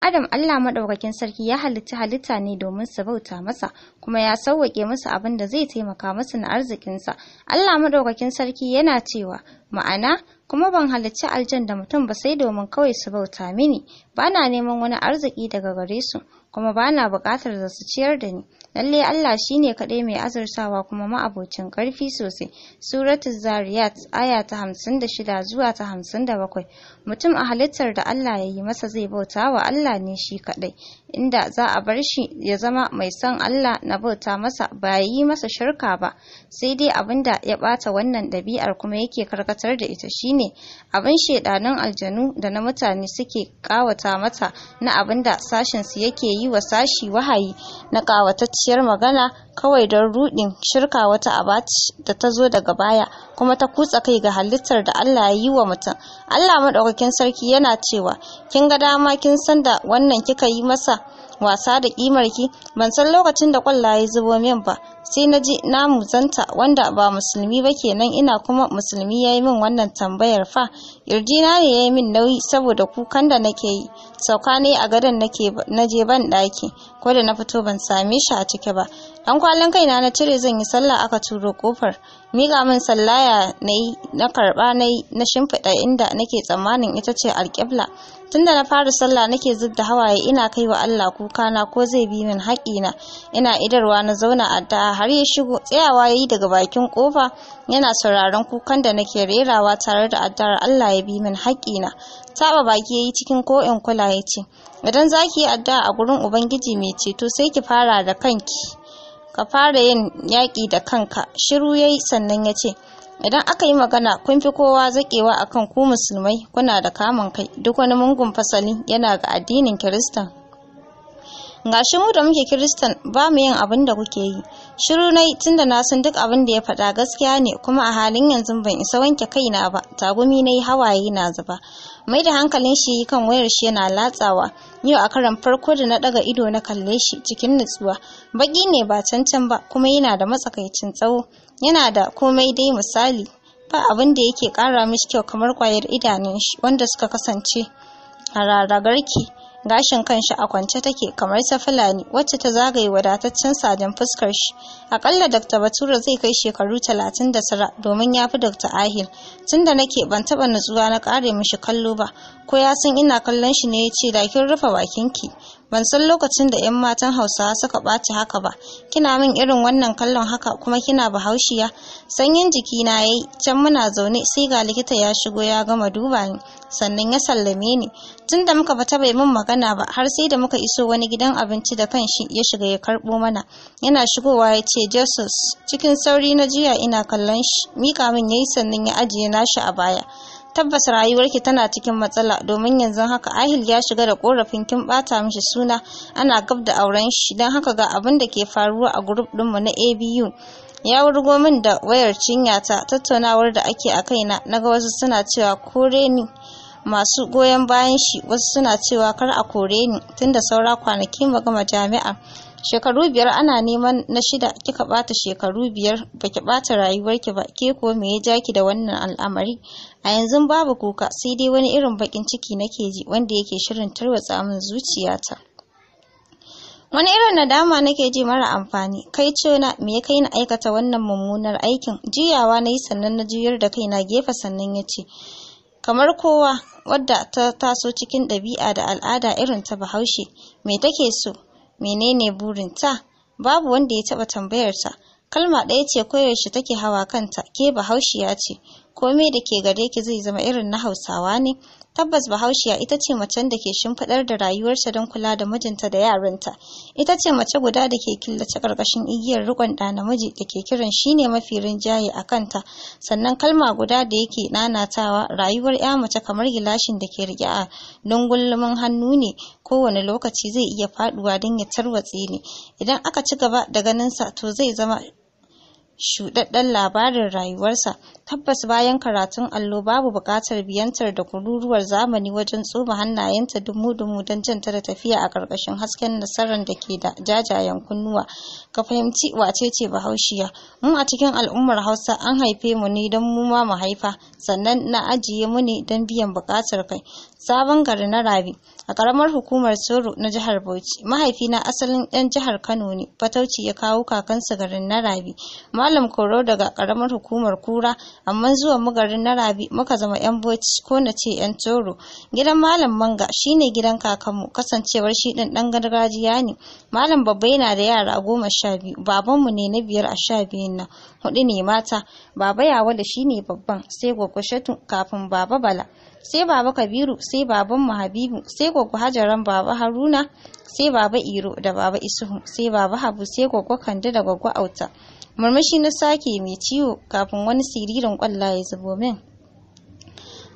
Adam Allah maɗaukakin sarki ya halitta halitta ne domin su bauta masa kuma ya sauwaƙe musu abin da zai taimaka musu na arzikinsa. Allah maɗaukakin sarki yana cewa ma'ana kuma ban halicci aljan da mutum ba sai domin kawai su bauta mini ba na neman wani arziki daga gare su kuma ba na buƙatar da su ciyar da ni lalle Allah shine kaɗai mai azurtawa kuma ma'abocin ƙarfi sosai suratul zariyat aya ta hamsin da shida zuwa ta hamsin da bakwai mutum a halittar da Allah ya yi masa zai bauta wa Allah ne shi kaɗai inda za a bar shi ya zama mai son Allah na bauta masa ba yi masa shirka ba sai dai abin da ya bata wannan ɗabi'ar kuma yake karkatar da ita shine abin shedanun aljanu da na mutane suke kawata mata na abin da sashen su yake yi wa sashi wahayi na kawatacciyar magana kawai don rudin shirka wata abaci da ta zo daga baya kuma ta kutsa kai ga halittar da Allah ya yi wa mutum Allah madaukakin sarki yana cewa kin ga dama kin san da wannan kika yi masa wasa da ƙimar ki ban san lokacin da kwallaye zubo min ba sai na ji na muzanta wanda ba musulmi ba kenan ina kuma musulmi ya yi min wannan tambayar fa na ne ya yi min nauyi saboda kukan da nake yi sauka ne a gadon na je ban ɗaki ko da na fito ban same shi a ciki ba dan kwalin kaina na cire zan yi sallah aka turo kofar miƙa min sallaya na yi na karɓa na yi na shimfiɗa inda nake tsammanin ita ce alƙibla tunda na fara sallah nake zub da hawaye ina kai wa Allah kuka na ko zai bi min na ina idarwa na zauna addu'a har ya shigo tsayawa ya yi daga bakin kofa yana sauraron kukan da nake rerawa tare da addu'ar Allah ya bi min na. taba baki ya yi cikin ko kula ya ce idan zaki yi addu'a a gurin ubangiji mai ceto sai ki fara da kanki ka fara yin yaƙi da kanka shiru ya yi sannan ya ce idan aka yi magana kun fi kowa zaƙewa akan ku musulmai kuna da kamun kai duk wani mungun fasali yana ga addinin kirista shi mu da muke kiristan ba mu yin abin da kuke yi shiru na yi tun da na san duk abin da ya faɗa gaskiya ne kuma a halin yanzu ban isa wanke kaina ba tagumi na yi hawaye na zuba mai da hankalin shi yi kan wayar shi yana latsawa yau a karan farko da na daga ido na kalle shi cikin nutsuwa baƙi ne ba cancan ba kuma yana da matsakaicin tsawo yana da komai dai misali ba abin da yake kara mishi kyau kamar kwayar idanun shi wanda suka kasance a raragarki gashin kanshi a kwance take kamar ta fulani wacce ta zagaye wadataccen sajen fuskar shi akalla dr batura zai kai shekaru talatin da tara domin ya fi dr ahil tunda nake ban taba nutsuwa na kare mishi kallo ba ko ya san ina kallon shi ne ya ce da kin rufe bakinki ban san lokacin da 'yan matan hausawa suka ɓaci haka ba kina min irin wannan kallon haka kuma kina bahaushiya sanyin jiki na ya yi can muna zaune sai ga likita ya shigo ya gama duba ni sannan ya sallame ni tun da muka fita bai min magana ba har sai da muka iso wani gidan abinci da kan shi ya shiga ya karɓo mana yana shigowa ya ce jesus cikin sauri na jiya ina kallon shi mika min ya yi sannan ya ajiye nashi a baya tabbas rayuwarki tana cikin matsala domin yanzu haka ahil ya shiga da korafin kin bata mishi suna ana gab da auren shi don haka ga abin da ke faruwa a grup dinmu na abu ya wurgo min da wayar ta tattaunawar da ake a kaina naga wasu suna cewa kore ni masu goyon bayan shi wasu suna cewa kar a kore ni tunda saura kwanaki mu gama jami'a shekaru biyar ana neman na shida kika bata shekaru biyar baki bata rayuwarki ba ke kuwa me ya jaki da wannan al'amari a yanzu babu kuka sai dai wani irin bakin ciki nake ji wanda yake shirin tarwatsa min zuciyata wani irin nadama nake ji mara amfani kai na me ya kai na aikata wannan mummunar aikin juyawa na yi sannan na juyar da kai na gefe sannan ya ce kamar kowa wadda ta taso cikin ɗabi'a da al'ada irin ta bahaushe me take so menene burinta babu wanda ya taɓa tambayarta kalma ɗaya ce koyaushe take hawa kanta ke bahaushiya ce komai da ke gare ki zai zama irin na Hausawa ne. Tabbas Bahaushiya ita ce macen da ke shimfiɗar da rayuwarta don kula da mijinta da yaranta. Ita ce mace guda da ke killace ƙarƙashin igiyar rikon ɗa namiji da ke kiran shi ne mafi rinjaye a kanta. Sannan kalma guda da yake nanatawa rayuwar ya mace kamar gilashin da ke riƙe a don hannu ne kowane lokaci zai iya faɗuwa don ya tarwatse ne. Idan aka ci gaba da ganinsa to zai zama shuɗaɗɗen labarin rayuwarsa, tabbas bayan karatun allo babu buƙatar biyantar da kururuwar zamani wajen tsoma hannayenta dumu-dumu don jin ta da tafiya a ƙarƙashin hasken nasarar da ke da jajayen kunnuwa. Ka fahimci wace ce Bahaushiya, mu a cikin al'ummar Hausa an haife mu ne don mu ma mu haifa, sannan na ajiye mu ne don biyan bukatar kai. Sabon gari na Rabi, a karamar hukumar Soro na jihar Bauchi, mahaifina asalin yan jihar Kano ne, Fatauci ya kawo kakansa garin na Rabi. Malam Koro daga karamar hukumar Kura, amma zuwa mu na Rabi muka zama 'yan boci ko na ce 'yan toro. Gidan Malam Manga shine gidan kakanmu kasancewar shi ɗin ɗan gargajiya ne. Malam babba yana da yara goma sha biyu, babanmu ne na biyar a sha biyun nan, huɗu ne mata. Baba Yawa da shi babban, sai Gwaggo Shatu kafin Baba Bala. sai baba kabiru sai baban mu habibu sai gwaggo hajaran baba haruna sai baba iro da baba isuhu sai baba habu sai gwaggo kande da gwaggo auta murmushi na sake mai ciwo kafin wani siririn ƙwalla ya zubo min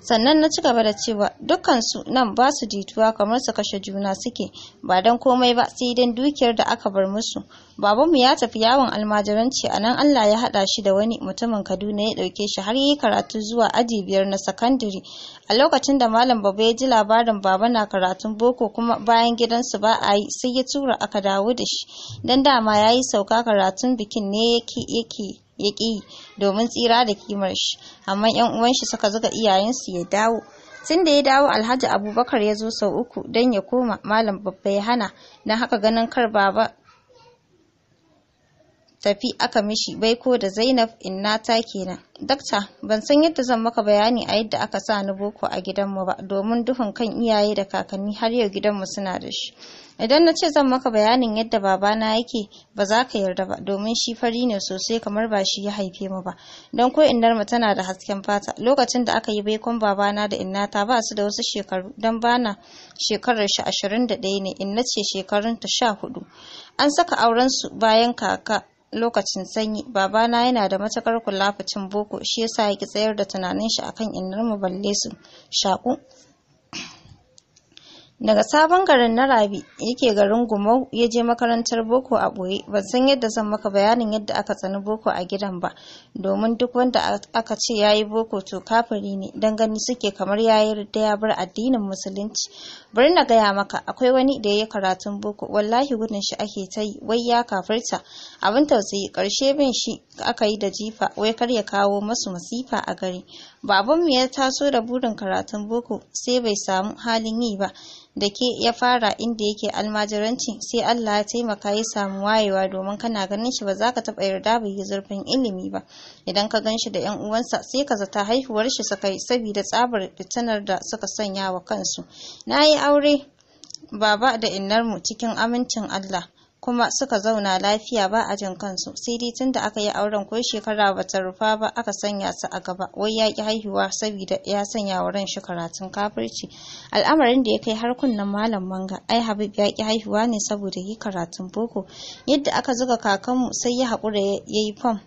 sannan na ci gaba da cewa dukkansu nan ba su jituwa kamar su kashe juna suke ba don komai ba sai don dukiyar da aka bar musu babanmu ya tafi yawon almajiranci a nan allah ya haɗa shi da wani mutumin kaduna ya ɗauke shi har yi karatu zuwa aji biyar na sakandare a lokacin da malam baba ya ji labarin baba na karatun boko kuma bayan gidansu ba a yi sai ya tura aka dawo da shi don dama ya yi sauka karatun bikin ne yake yake ya ƙi domin tsira da kimar shi amma yan uwan shi suka zuga iyayensu ya dawo tun da ya dawo alhaji abubakar ya zo sau uku don ya koma malam babba ya hana don haka ganin kar baba tafi aka mishi bai ko da Zainab ta kenan. Dakta, ban san yadda zan maka bayani a yadda aka sa ni boko a gidanmu ba, domin duhun kan iyaye da kakanni har yau gidanmu suna da shi. Idan na ce zan maka bayanin yadda babana yake ba za ka yarda ba domin shi fari ne sosai kamar ba shi ya haife mu ba. Don ko innar mu tana da hasken fata. Lokacin da aka yi baikon babana da innata ba su da wasu shekaru don bana shekarar shi ashirin da ɗaya ne inna ce shekarun ta sha hudu. An saka auren su bayan kaka lokacin sanyi babana yana da matakar kula fitin boko shi yasa ya ki tsayar da tunanin shi akan innar mu balle su shaku daga sabon garin na rabi yake garin gumau ya je makarantar boko a boye ban san yadda zan maka bayanin yadda aka tsani boko a gidan ba domin duk wanda aka ce ya yi boko to kafiri ne don gani suke kamar ya yarda ya bar addinin musulunci bari na gaya maka akwai wani da ya yi karatun boko wallahi gudun shi ake ta yi wai ya kafirta abin tausayi karshe bin shi aka yi da jifa wai kar ya kawo masu masifa a gari babanmu ya taso da burin karatun boko sai bai samu halin yi ba da ke ya fara inda yake almajiranci sai Allah ya taimaka ya samu wayewa domin kana ganin shi ba za ka taɓa yarda bai yi zurfin ilimi ba idan ka ganshi da yan uwansa sai ka zata haihuwar shi suka yi saboda tsabar fitinar da suka sanya wa kansu na yi aure baba da innarmu cikin amincin Allah kuma suka zauna lafiya ba a jin kansu sai dai tunda aka yi auren ko shekara bata rufa ba aka sanya su a gaba wai ya ki haihuwa saboda ya sanya wa ran shi karatun kafirci al'amarin da ya kai har kunnen malam manga ai habib ya ki haihuwa ne saboda yi karatun boko yadda aka zuga kakanmu sai ya haƙura ya yi fam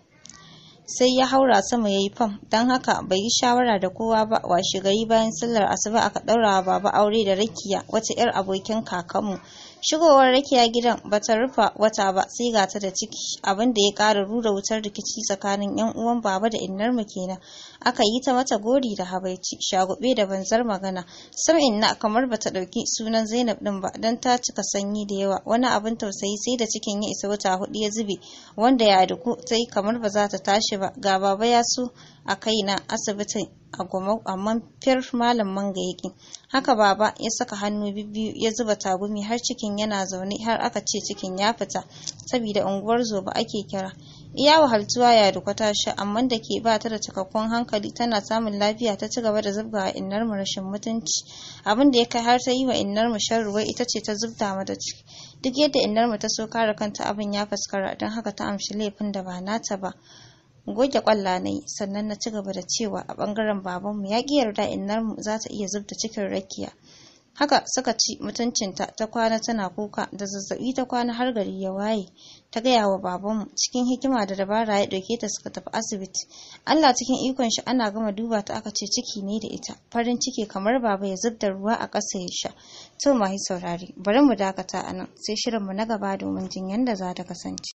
sai ya haura sama ya yi fam don haka bai yi shawara da kowa ba washe gari bayan sallar asuba aka ɗaura baba aure da rakiya wata 'yar abokin kakanmu Shigowar Rakiya gidan ba ta rufa wata ba sai ga ta da ciki abin da ya kara rura wutar rikici tsakanin yan uwan baba da innar mu kenan. Aka yi ta mata gori da habaici, shagube da banzar magana. Sam inna kamar ba ta dauki sunan Zainab din ba dan ta cika sanyi da yawa. Wani abin tausayi sai da cikin ya isa wata hudu ya zube wanda ya duku sai kamar ba za ta tashi ba. Ga baba ya su a kaina asibitin a goma amma fir malam manga haka baba ya saka hannu bibbiyu ya zuba tagumi har cikin yana zaune har aka ce cikin ya fita saboda unguwar zoba ake kira iya wahaltuwa ya duka ta sha amma da ke ba ta da cikakkun hankali tana samun lafiya ta ci gaba da zubga wa innar mu rashin mutunci abin da ya kai har ta yi wa innar mu sharruwai ita ce ta zubta mata ciki duk yadda innar mu ta so kare kanta abin ya faskara don haka ta amshi laifin da ba nata ba goge kwalla sannan na ci gaba da cewa a bangaren babanmu ya ƙi yarda mu za ta iya zubta cikin rakiya haka suka ci mutuncinta ta kwana tana kuka da zazzabi ta kwana har gari ya waye ta gaya wa babanmu cikin hikima da dabara ya ɗauke ta suka tafi asibiti allah cikin ikon shi ana gama duba ta aka ce ciki ne da ita farin ciki kamar baba ya zub ruwa a ƙasa ya sha to mahi saurari bari mu dakata a nan sai shirinmu na gaba domin jin yadda za ta kasance